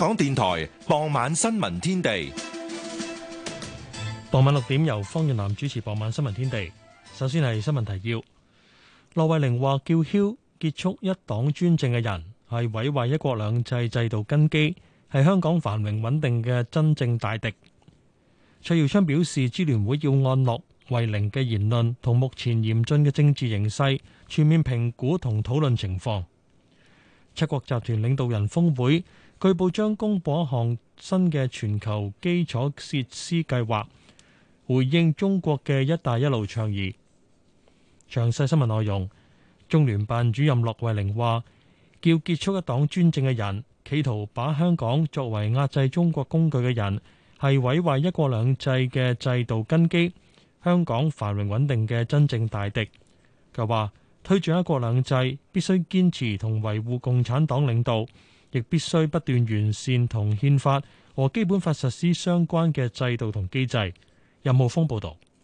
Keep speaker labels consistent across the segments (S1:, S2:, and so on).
S1: 香港電台傍晚
S2: 新聞天地，傍晚六點由方潤南主持。傍晚新聞天地，首先係新聞提要。駱惠寧話叫囂結束一黨專政嘅人係毀壞一國兩制制度根基，係香港繁榮穩定嘅真正大敵。蔡耀昌表示，支聯會要按駱惠寧嘅言論同目前嚴峻嘅政治形勢全面評估同討論情況。七國集團領導人峰會。據報將公佈一項新嘅全球基礎設施計劃，回應中國嘅「一帶一路」倡議。詳細新聞內容，中聯辦主任駱惠寧話，叫結束一黨專政嘅人，企圖把香港作為壓制中國工具嘅人，係毀壞一國兩制嘅制度根基，香港繁榮穩定嘅真正大敵。佢話，推進一國兩制必須堅持同維護共產黨領導。亦必須不斷完善同憲法和基本法實施相關嘅制度同機制。任茂峰報導。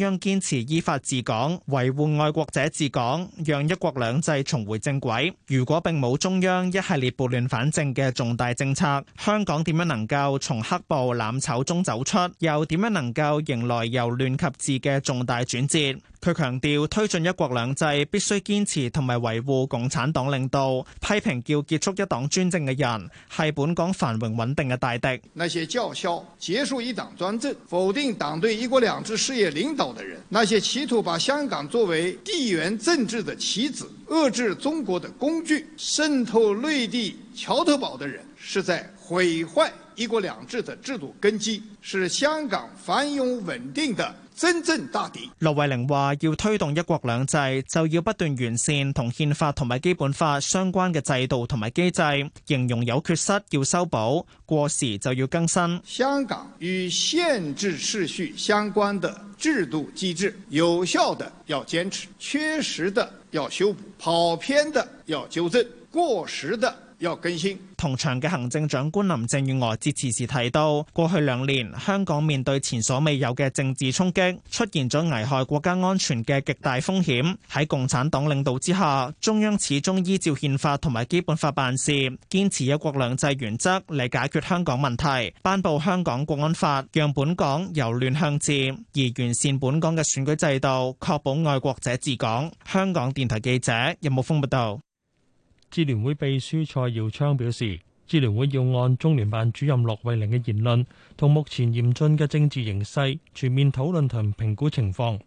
S3: 央堅持依法治港，維護愛國者治港，讓一國兩制重回正軌。如果並冇中央一系列撥亂反正嘅重大政策，香港點樣能夠從黑暴攬炒中走出？又點樣能夠迎來由亂及治嘅重大轉折？佢強調推進一國兩制必須堅持同埋維護共產黨領導，批評叫結束一黨專政嘅人係本港繁榮穩定嘅大敵。
S1: 那些叫囂結束一黨專政、否定黨對一國兩制事業領導嘅人，那些企圖把香港作為地緣政治的棋子、遏制中國的工具、滲透內地橋頭堡的人，是在毀壞一國兩制的制度根基，是香港繁榮穩定的。真正大底
S3: 駱惠寧話，要推動一國兩制，就要不斷完善同憲法同埋基本法相關嘅制度同埋機制，形容有缺失要修補，過時就要更新。
S1: 香港與憲制秩序相關的制度機制，有效的要堅持，缺失的要修補，跑偏的要糾正，過時的。
S3: 同場嘅行政長官林鄭月娥致辭時提到，過去兩年香港面對前所未有嘅政治衝擊，出現咗危害國家安全嘅極大風險。喺共產黨領導之下，中央始終依照憲法同埋基本法辦事，堅持一國兩制原則嚟解決香港問題，頒布香港國安法，讓本港由亂向治，而完善本港嘅選舉制度，
S2: 確保愛國者治港。香港電台記者任木峰報道。支聯會秘書蔡耀昌表示，支聯會要按中聯辦主任駱惠寧嘅言論同目前嚴峻嘅政治形勢，全面討論同評估情況。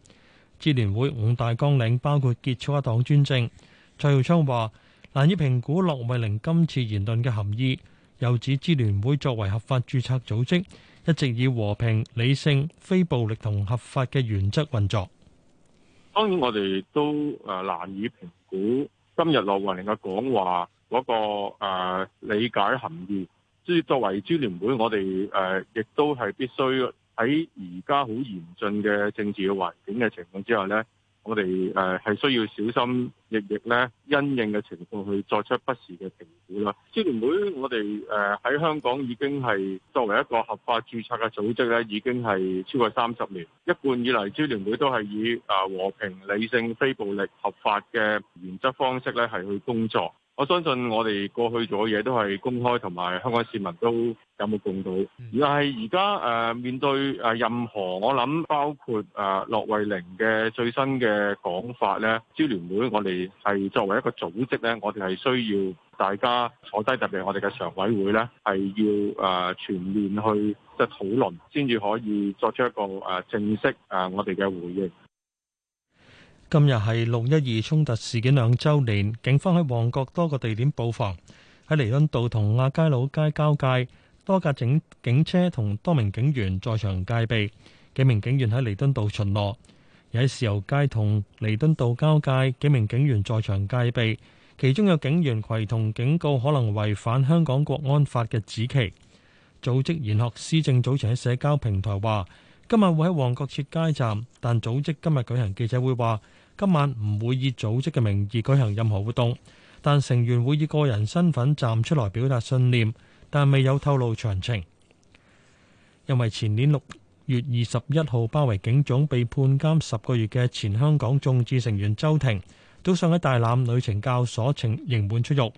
S2: 支聯會五大綱領包括結束一黨專政。蔡耀昌話難以評估駱惠寧今次言論嘅含義，又指支聯會作為合法註冊組織，一直以和平、理性、非暴力同合法嘅原則運作。
S4: 當然，我哋都誒難以評估。今日羅雲玲嘅講話嗰、那個誒、呃、理解含義，即係作為支聯會，我哋誒、呃、亦都係必須喺而家好嚴峻嘅政治嘅環境嘅情況之下咧。我哋誒係需要小心翼翼咧，因應嘅情況去作出不時嘅評估啦。支聯會我哋誒喺香港已經係作為一個合法註冊嘅組織咧，已經係超過三十年。一貫以嚟，支聯會都係以啊和平、理性、非暴力、合法嘅原則方式咧，係去工作。我相信我哋過去做嘅嘢都係公開，同埋香港市民都有目共睹。但係而家誒面對誒任何，我諗包括誒駱惠寧嘅最新嘅講法呢，支聯會我哋係作為一個組織呢，我哋係需要大家坐低，特別我哋嘅常委會呢係要誒、呃、全面去即係討論，先至可以作出一個誒正式誒我哋嘅回應。
S2: 今日係六一二衝突事件兩週年，警方喺旺角多個地點布防，喺彌敦道同亞皆老街交界多架警警車同多名警員在場戒備。幾名警員喺彌敦道巡邏，又喺豉油街同彌敦道交界，幾名警員在場戒備，其中有警員攜同警告可能違反香港國安法嘅紫旗。組織研學思政組成喺社交平台話：今日會喺旺角設街站，但組織今日舉行記者會話。今晚唔會以組織嘅名義舉行任何活動，但成員會以個人身份站出來表達信念，但未有透露詳情。因為前年六月二十一號包圍警總被判監十個月嘅前香港眾志成員周庭，早上喺大欖女懲教所呈刑滿出獄。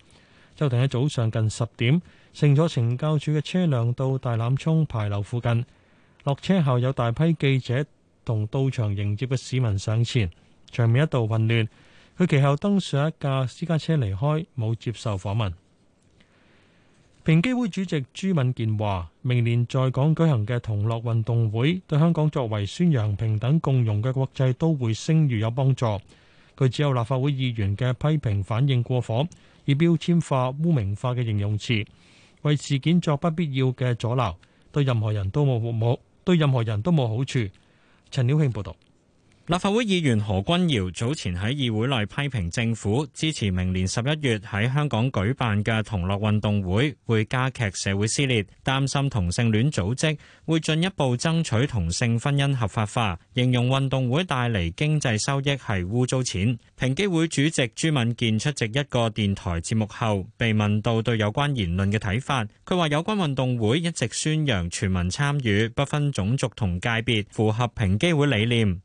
S2: 周庭喺早上近十點乘咗懲教處嘅車輛到大欖涌牌樓附近落車後，有大批記者同到場迎接嘅市民上前。場面一度混亂，佢其後登上一架私家車離開，冇接受訪問。平機會主席朱敏健話：明年在港舉行嘅同樂運動會，對香港作為宣揚平等共融嘅國際都會聲譽有幫助。佢只有立法會議員嘅批評反應過火，以標籤化、污名化嘅形容詞，為事件作不必要嘅阻撓，對任何人都冇服務，冇對任何人都冇好處。陳曉慶報道。立法會議員
S5: 何君堯早前喺議會內批評政府支持明年十一月喺香港舉辦嘅同樂運動會，會加劇社會撕裂，擔心同性戀組織會進一步爭取同性婚姻合法化，形容運動會帶嚟經濟收益係污糟錢。平機會主席朱敏健出席一個電台節目後，被問到對有關言論嘅睇法，佢話有關運動會一直宣揚全民參與，不分種族同界別，符合平機會理念。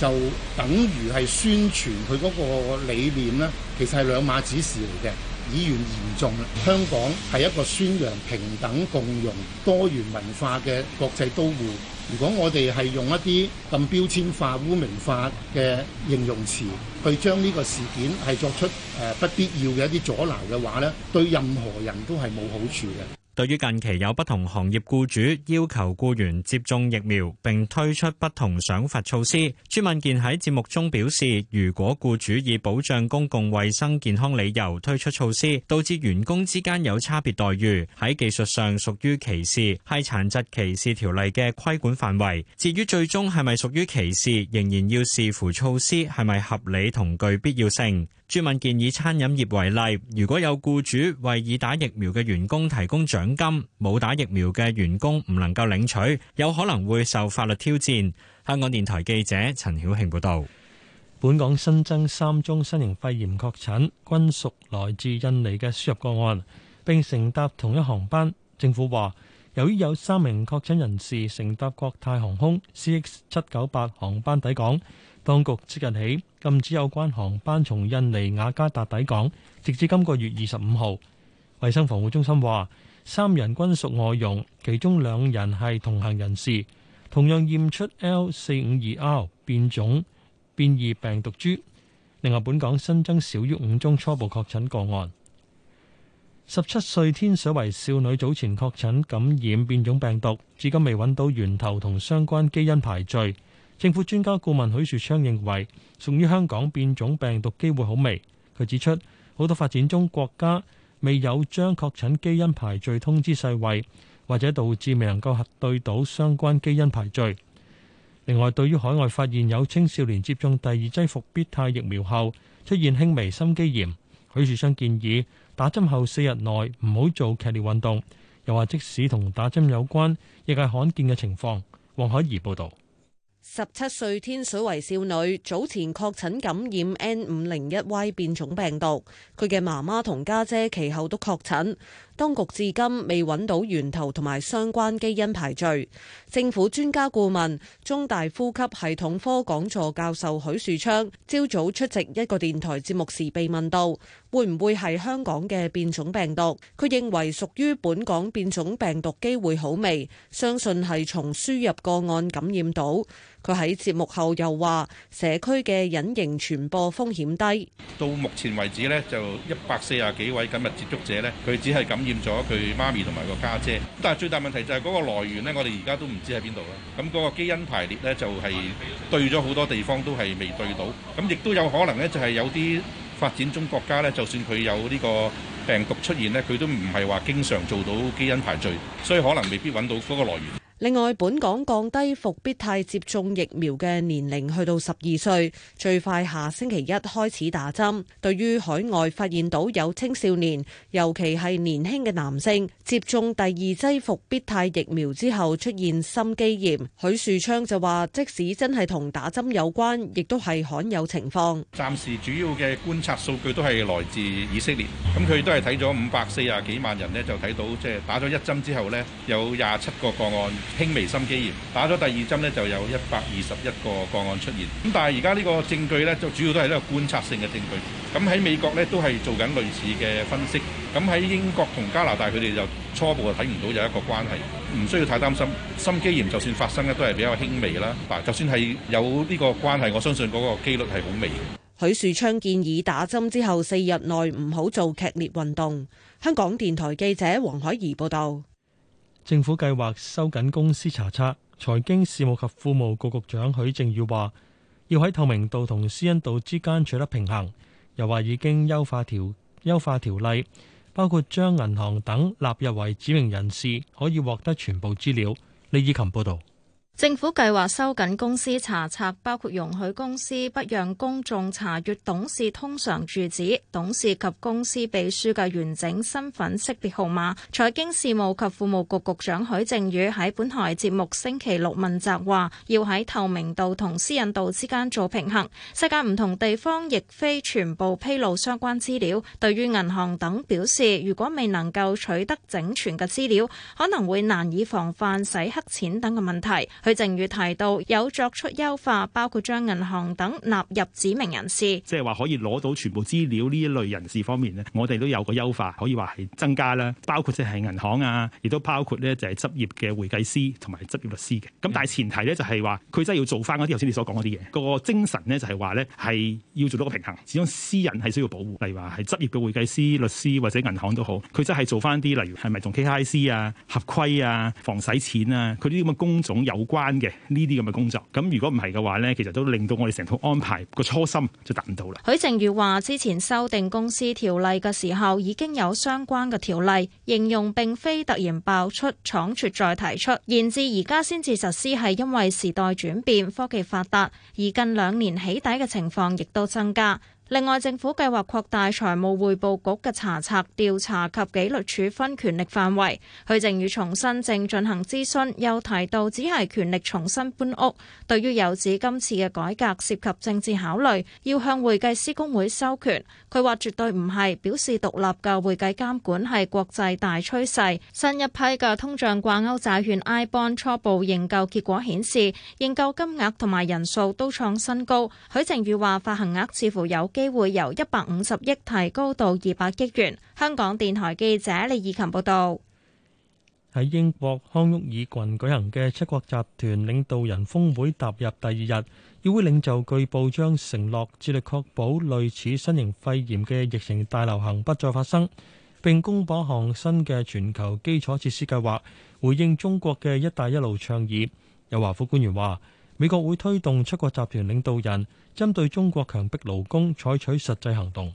S1: 就等於係宣傳佢嗰個理念呢，其實係兩碼子事嚟嘅。議員嚴重，香港係一個宣揚平等共融、多元文化嘅國際都會。如果我哋係用一啲咁標籤化、污名化嘅形容詞去將呢個事件係作出誒不必要嘅一啲阻撓嘅話呢，對任何人都係冇好處嘅。
S5: 對於近期有不同行業僱主要求僱員接種疫苗並推出不同賞罰措施，朱敏健喺節目中表示，如果僱主以保障公共衞生健康理由推出措施，導致員工之間有差別待遇，喺技術上屬於歧視，係殘疾歧視條例嘅規管範圍。至於最終係咪屬於歧視，仍然要視乎措施係咪合理同具必要性。朱敏健以餐飲業為例，如果有僱主為已打疫苗嘅員工提供獎，獎金，冇打疫苗嘅員工唔能夠領取，有可能會受法律挑戰。香港電台記者陳曉慶報道。
S2: 本港新增三宗新型肺炎確診，均屬來自印尼嘅輸入個案，并乘搭同一航班。政府話，由於有三名確診人士乘搭國泰航空 CX 七九八航班抵港，當局即日起禁止有關航班從印尼雅加達抵港，直至今個月二十五號。衛生防護中心話。三人均屬外傭，其中兩人係同行人士，同樣驗出 L452R 變種變異病毒株。另外，本港新增少於五宗初步確診個案。十七歲天水圍少女早前確診感染變種病毒，至今未揾到源頭同相關基因排序。政府專家顧問許樹昌認為，屬於香港變種病毒機會好微。佢指出，好多發展中國家，未有將確診基因排序通知世衞，或者導致未能夠核對到相關基因排序。另外，對於海外發現有青少年接種第二劑復必泰疫苗後出現輕微心肌炎，許樹昌建議打針後四日內唔好做劇烈運動。又話即使同打針有關，亦係罕見嘅情況。黃海怡報導。
S6: 十七歲天水圍少女早前確診感染 N501Y 變種病毒，佢嘅媽媽同家姐其後都確診。當局至今未揾到源頭同埋相關基因排序。政府專家顧問、中大呼吸系統科講座教授許樹昌，朝早出席一個電台節目時被問到，會唔會係香港嘅變種病毒？佢認為屬於本港變種病毒機會好微，相信係從輸入個案感染到。佢喺節目後又話：社區嘅隱形傳播風險低。
S1: 到目前為止呢，就一百四十幾位緊密接觸者呢，佢只係感染咗佢媽咪同埋個家姐。但係最大問題就係嗰個來源呢，我哋而家都唔知喺邊度啦。咁、那、嗰個基因排列呢，就係對咗好多地方都係未對到。咁亦都有可能呢，就係有啲發展中國家呢，就算佢有呢個病毒出現呢，佢都唔係話經常做到基因排序，所以可能未必揾到嗰個來源。
S6: 另外，本港降低復必泰接種疫苗嘅年齡去到十二歲，最快下星期一開始打針。對於海外發現到有青少年，尤其係年輕嘅男性接種第二劑復必泰疫苗之後出現心肌炎，許樹昌就話：即使真係同打針有關，亦都係罕
S1: 有情況。暫時主要嘅觀察數據都係來自以色列，咁佢都係睇咗五百四廿幾萬人呢就睇到即係、就是、打咗一針之後呢，有廿七個個案。輕微心肌炎，打咗第二針呢就有一百二十一個個案出現。咁但係而家呢個證據呢就主要都係呢個觀察性嘅證據。咁喺美國呢都係做緊類似嘅分析。咁喺英國同加拿大佢哋就初步就睇唔到有一個關係，唔需要太擔心。心肌炎就算發生呢都係比較輕微啦。嗱，就算係有呢個關係，我相信嗰個機率係好微。
S6: 許樹昌建議打針之後四日內唔好做劇烈運動。香港電台記者黃海怡報道。
S2: 政府計劃收緊公司查冊，財經事務及庫務局局長許正宇話：要喺透明度同私隱度之間取得平衡，又話已經優化條優化條例，包括將銀行等納入為指明人士，可以獲得全部資料。李以琴報導。
S7: 政府計劃收緊公司查冊，包括容許公司不讓公眾查閲董事通常住址、董事及公司秘書嘅完整身份識別號碼。財經事務及庫務局局長許正宇喺本台節目星期六問責話：要喺透明度同私隱度之間做平衡。世界唔同地方亦非全部披露相關資料。對於銀行等表示，如果未能夠取得整全嘅資料，可能會難以防範洗黑錢等嘅問題。佢正如提到有作出優化，包括將銀行等納入指明人士，
S3: 即係話可以攞到全部資料呢一類人士方面咧，我哋都有個優化，可以話係增加啦。包括即係銀行啊，亦都包括咧就係執業嘅會計師同埋執業律師嘅。咁但係前提咧就係話，佢真係要做翻嗰啲頭先你所講嗰啲嘢。個精神咧就係話咧係要做到個平衡，始終私人係需要保護，例如話係執業嘅會計師律師或者銀行都好，佢真係做翻啲，例如係咪同 KIC 啊、合規啊、防洗錢啊，佢啲咁嘅工種有關嘅呢啲咁嘅工作，咁如果唔係嘅話呢，其實都令到我哋成套安排個初心就達唔到啦。
S7: 許正宇話：之前修訂公司條例嘅時候，已經有相關嘅條例應用，並非突然爆出搶奪再提出，延至而家先至實施，係因為時代轉變、科技發達，而近兩年起底嘅情況亦都增加。另外，政府計劃擴大財務匯報局嘅查冊調查及紀律處分權力範圍，許正宇重申正進行諮詢，又提到只係權力重新搬屋。對於有指今次嘅改革涉及政治考慮要向會計師公會收權，佢話絕對唔係，表示獨立嘅會計監管係國際大趨勢。新一批嘅通脹掛鈎債券 I bond 初步認購結果顯示，認購金額同埋人數都創新高。許正宇話發行額似乎有機會由一百五十億提高到二百億元。香港電台記者李以琴報道：
S2: 喺英國康沃爾郡舉行嘅七國集團領導人峰會踏入第二日，與會領袖據報將承諾致力確保類似新型肺炎嘅疫情大流行不再發生，並公布一項新嘅全球基礎設施計劃，回應中國嘅“一帶一路”倡議。有華府官員話，美國會推動七國集團領導人。針對中國強迫勞工採取實際行動，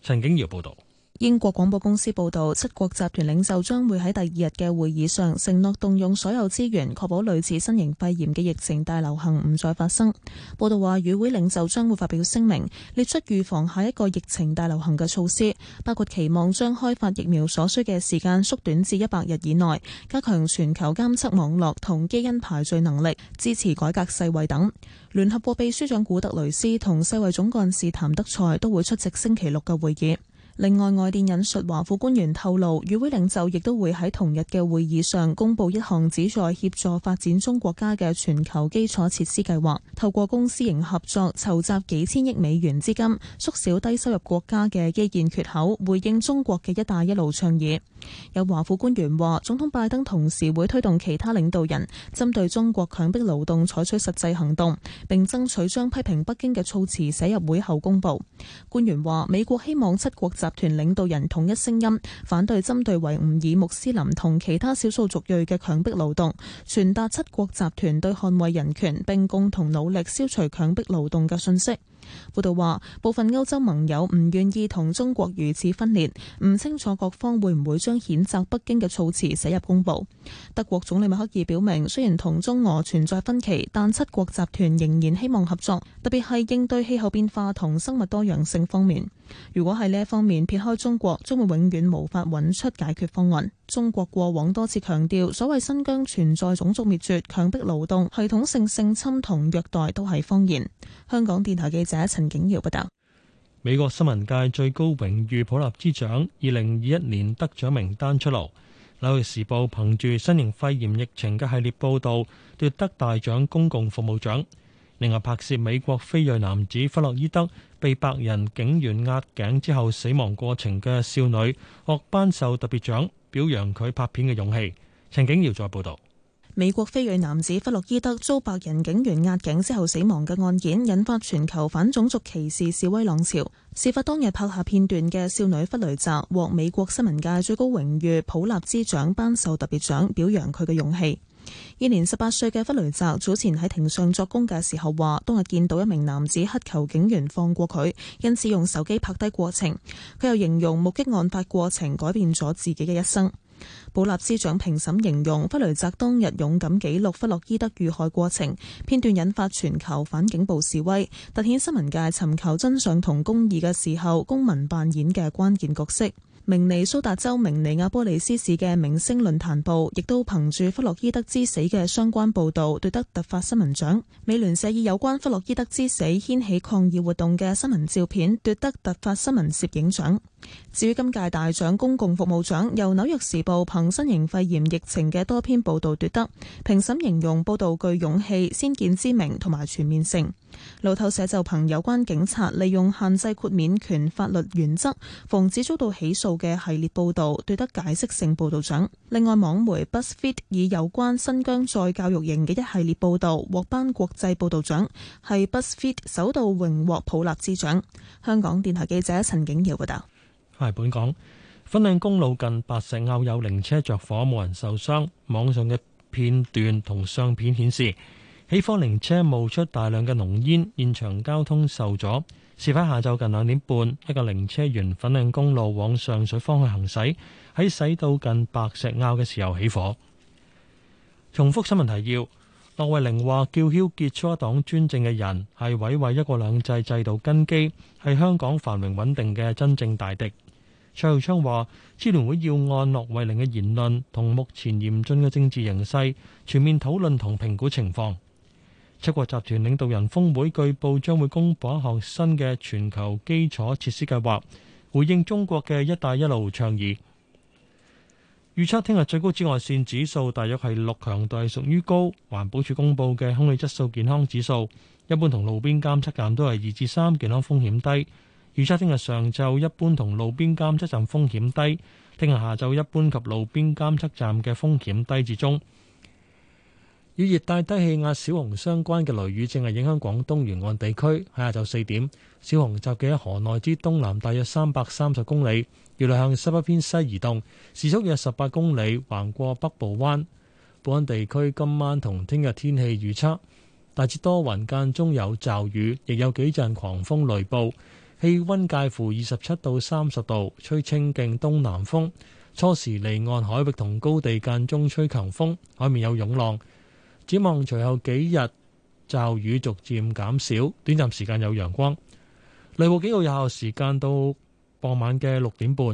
S2: 陳景堯報道。
S8: 英國廣播公司報道，七國集團領袖將會喺第二日嘅會議上承諾動用所有資源，確保類似新型肺炎嘅疫情大流行唔再發生。報道話，與會領袖將會發表聲明，列出預防下一個疫情大流行嘅措施，包括期望將開發疫苗所需嘅時間縮短至一百日以內，加強全球監測網絡同基因排序能力，支持改革世衛等。聯合國秘書長古特雷斯同世衛總幹事譚德賽都會出席星期六嘅會議。另外，外電引述華府官員透露，與會領袖亦都會喺同日嘅會議上公佈一項旨在協助發展中國家嘅全球基礎設施計劃，透過公私營合作籌集幾千億美元資金，縮小低收入國家嘅基建缺口，回應中國嘅「一帶一路」倡議。有華府官員話，總統拜登同時會推動其他領導人針對中國強迫勞動採取實際行動，並爭取將批評北京嘅措辭寫入會後公布。官員話，美國希望七國集團領導人統一聲音，反對針對維吾爾、穆斯林同其他少數族裔嘅強迫勞動，傳達七國集團對捍衛人權並共同努力消除強迫勞動嘅信息。報道話，部分歐洲盟友唔願意同中國如此分裂，唔清楚各方會唔會將譴責北京嘅措辭寫入公報。德國總理默克爾表明，雖然同中俄存在分歧，但七國集團仍然希望合作，特別係應對氣候變化同生物多樣性方面。如果喺呢一方面撇開中國，將會永遠無法揾出解決方案。中國過往多次強調所謂新疆存在種族滅絕、強迫勞動、系統性性侵同虐待都係謊言。香港電台記者陳景瑤報道。
S2: 美國新聞界最高榮譽普立茲獎二零二一年得獎名單出爐，《紐約時報》憑住新型肺炎疫情嘅系列報道奪得得大獎公共服務獎。另外拍攝美國非裔男子弗洛伊德被白人警員壓頸之後死亡過程嘅少女獲頒授特別獎，表揚佢拍片嘅勇氣。陳景耀再報道：
S8: 美國非裔男子弗洛伊德遭白人警員壓頸之後死亡嘅案件引發全球反種族歧視示威浪潮。事發當日拍下片段嘅少女弗雷澤獲美國新聞界最高榮譽普立茲獎頒授特別獎，表揚佢嘅勇氣。二年十八歲嘅弗雷澤早前喺庭上作供嘅時候話，當日見到一名男子乞求警員放過佢，因此用手機拍低過程。佢又形容目擊案發過程改變咗自己嘅一生。保立司長評審形容弗雷澤當日勇敢紀錄弗洛伊德遇害過程片段，引發全球反警暴示威，凸顯新聞界尋求真相同公義嘅時候，公民扮演嘅關鍵角色。明尼蘇達州明尼亞波利斯市嘅明星論壇報，亦都憑住弗洛伊德之死嘅相關報導奪得突發新聞獎。美聯社以有關弗洛伊德之死掀起抗議活動嘅新聞照片奪得突發新聞攝影獎。至於今屆大獎公共服務獎由紐約時報憑新型肺炎疫情嘅多篇報道奪得，評審形容報道具勇氣、先見之明同埋全面性。路透社就憑有關警察利用限制豁免權法律原則防止遭到起訴嘅系列報道奪得解釋性報道獎。另外，網媒 Buzzfeed 以有關新疆再教育營嘅一系列報道獲頒國際報道獎，係 Buzzfeed 首度榮獲普立茲獎。香港電台記者陳景堯報道。
S2: 係本港粉嶺公路近白石坳有靈車着火，冇人受傷。網上嘅片段同相片顯示，起火靈車冒出大量嘅濃煙，現場交通受阻。事發下晝近兩點半，一個靈車沿粉嶺公路往上水方向行駛，喺駛到近白石坳嘅時候起火。重複新聞提要。駱惠寧話：叫囂結束一黨專政嘅人，係毀壞一國兩制制度根基，係香港繁榮穩定嘅真正大敵。蔡耀昌話：支聯會要按駱惠寧嘅言論同目前嚴峻嘅政治形勢，全面討論同評估情況。七國集團領導人峰會據報將會公布一項新嘅全球基礎設施計劃，回應中國嘅“一帶一路”倡議。預測聽日最高紫外線指數大約係六，強度係屬於高。環保署公布嘅空氣質素健康指數，一般同路邊監測站都係二至三，健康風險低。預測聽日上晝一般同路邊監測站風險低，聽日下晝一般及路邊監測站嘅風險低至中。與熱帶低氣壓小鴻相關嘅雷雨正係影響廣東沿岸地區。喺下晝四點，小鴻集結喺河內之東南，大約三百三十公里，預料向西北偏西移動，時速約十八公里，橫過北部灣。本港地區今晚同聽日天氣預測大致多雲間中有驟雨，亦有幾陣狂風雷暴。氣温介乎二十七到三十度，吹清勁東南風。初時離岸海域同高地間中吹強風，海面有湧浪。展望隨後幾日驟雨逐漸減少，短暫時間有陽光。預報警告有效時間到傍晚嘅六點半。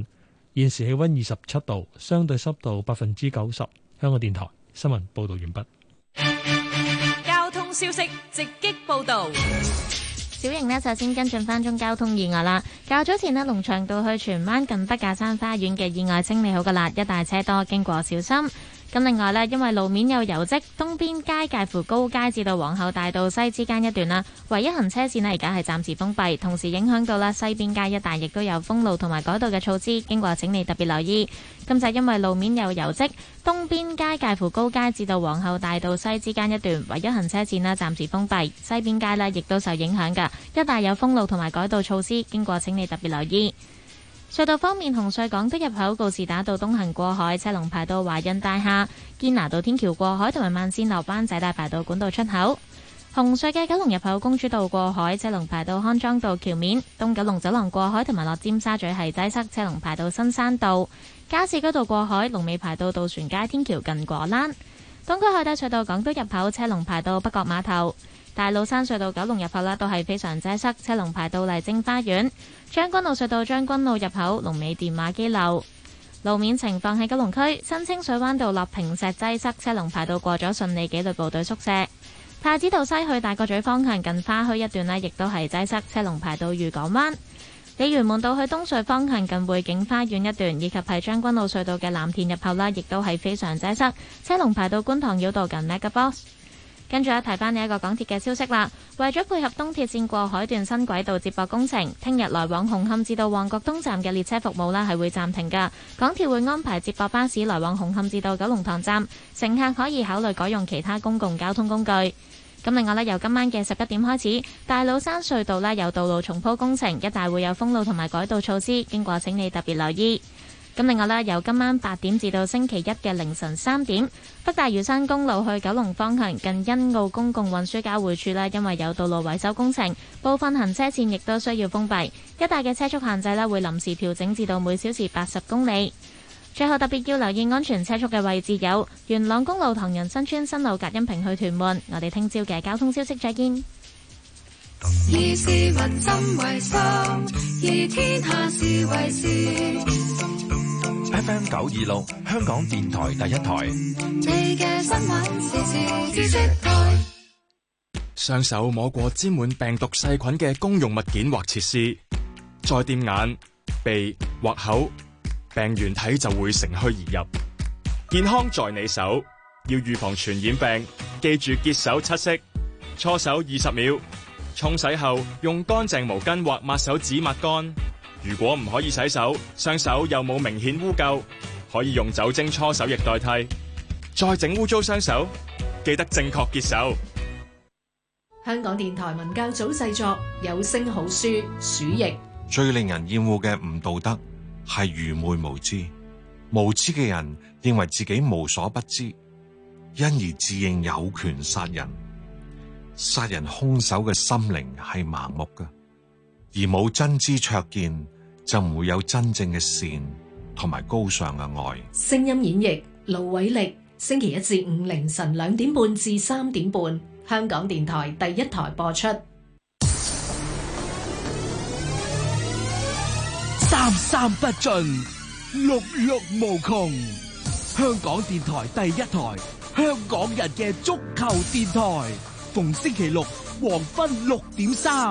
S2: 現時氣溫二十七度，相對濕度百分之九十。香港電台新聞報道完畢。
S9: 交通消息直擊報道。小瑩呢，首先跟進翻宗交通意外啦。較早前呢，龍翔道去荃灣近筆架山花園嘅意外清理好噶啦，一帶車多，經過小心。咁另外咧，因為路面有油漬，東邊街介乎高街至到皇后大道西之間一段啦，唯一行車線呢而家係暫時封閉，同時影響到啦西邊街一帶，亦都有封路同埋改道嘅措施，經過請你特別留意。咁就係因為路面有油漬，東邊街介乎高街至到皇后大道西之間一段唯一行車線啦，暫時封閉，西邊街呢亦都受影響嘅，一帶有封路同埋改道措施，經過請你特別留意。隧道方面，紅隧港島入口告士打道東行過海，車龍排到華潤大廈堅拿道天橋過海，同埋慢線落灣仔大排到管道出口。紅隧嘅九龍入口公主道過海，車龍排到康莊道橋面東九龍走廊過海，同埋落尖沙咀係擠塞，車龍排到新山道加士居道過海，龍尾排到渡船街天橋近果欄，東區海底隧道港島入口，車龍排到北角碼頭。大老山隧道九龍入口啦，都係非常擠塞，車龍排到麗晶花園。將軍澳隧道將軍澳入口龍尾電話機樓。路面情況喺九龍區新清水灣道立坪石擠塞，車龍排到過咗順利紀律部隊宿舍。太子道西去大角咀方向近花墟一段咧，亦都係擠塞，車龍排到御港灣鯉魚門道去東隧方向近匯景花園一段，以及係將軍澳隧道嘅藍田入口啦，亦都係非常擠塞，車龍排到觀塘繞道近 MegaBox。跟住一提翻呢一個港鐵嘅消息啦，為咗配合東鐵綫過海段新軌道接駁工程，聽日來往紅磡至到旺角東站嘅列車服務呢係會暫停嘅。港鐵會安排接駁巴士來往紅磡至到九龍塘站，乘客可以考慮改用其他公共交通工具。咁另外呢，由今晚嘅十一點開始，大老山隧道呢有道路重鋪工程，一帶會有封路同埋改道措施，經過請你特別留意。咁另外咧，由今晚八點至到星期一嘅凌晨三點，北大嶼山公路去九龍方向近欣澳公共運輸交匯處咧，因為有道路維修工程，部分行車線亦都需要封閉，一帶嘅車速限制咧會臨時調整至到每小時八十公里。最後特別要留意安全車速嘅位置有元朗公路唐人新村新路隔音屏去屯門。我哋聽朝嘅交通消息，再見。
S4: FM 九二六，香港電台第一台。雙手摸過沾滿病毒細菌嘅公用物件或設施，再掂眼、鼻或口，病原體就會乘虛而入。健康在你手，要預防傳染病，記住潔手七式，搓手二十秒，沖洗後用乾淨毛巾或抹手紙抹乾。如果唔可以洗手，雙手又冇明顯污垢，可以用酒精搓手液代替。再整污糟雙手，記得正確潔手。
S6: 香港電台文教組製作有聲好書《鼠疫》。
S5: 最令人厭惡嘅唔道德係愚昧無知。無知嘅人認為自己無所不知，因而自認有權殺人。殺人兇手嘅心靈係盲目噶，而冇真知灼見，就唔會有真正嘅善同埋高尚嘅愛。
S6: 聲音演繹，盧偉力。星期一至五凌晨兩點半至三點半，香港電台第一台播出。
S5: 三三不盡，六六無窮。香港電台第一台，香港人嘅足球電台，逢星期六黃昏六點三。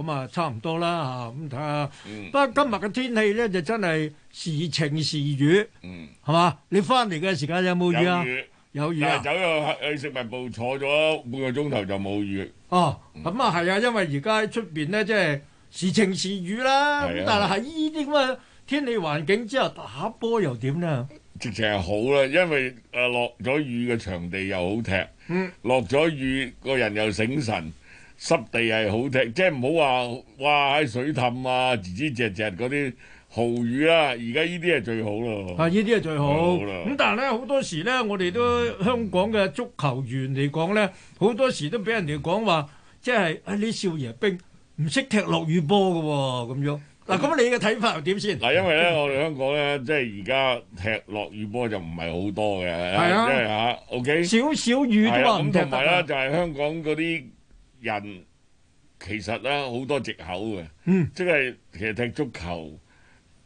S5: 咁啊，差唔多啦嚇，咁睇下。不過、嗯、今日嘅天氣咧，就真係時晴時雨，係嘛、嗯？你翻嚟嘅時間有冇雨，雨，雨啊？
S10: 有雨。走又去食物部坐咗半個鐘頭就冇雨。哦，
S5: 咁啊係啊，啊嗯、因為而家喺出邊咧，即、就、係、是、時晴時雨啦。咁、啊、但係喺呢啲咁嘅天氣環境之下，打波又點咧？
S10: 直情係好啦，因為誒落咗雨嘅場地又好踢，落咗、嗯、雨個人又醒神。濕地係好踢，即係唔好話哇喺水氹啊，枝枝隻隻嗰啲豪雨啦、啊。而家呢啲係最好咯、啊。啊，呢啲係最好咁，
S5: 但係咧好多時咧，我哋都香港嘅足球員嚟講咧，好多時都俾人哋講話，即係啊啲少爺兵唔識踢落雨波嘅喎咁樣。
S10: 嗱、啊，咁你嘅睇法又點先？嗱、嗯，因為咧，我哋香港咧，即係而家踢落雨波就唔係好多嘅，即係吓 OK 少少雨都話唔得咁，同埋咧，啊、就係香港啲人其實啦，好多藉口嘅，即係其實踢足球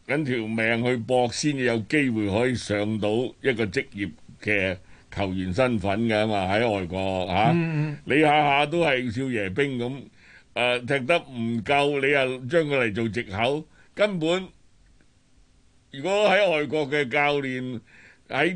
S10: 緊條命去搏，先至有機會可以上到一個職業嘅球員身份嘅啊嘛！喺外國吓，你下下都係少爺兵咁，誒踢得唔夠，你又將佢嚟做藉口，根本如果喺外國嘅教練係。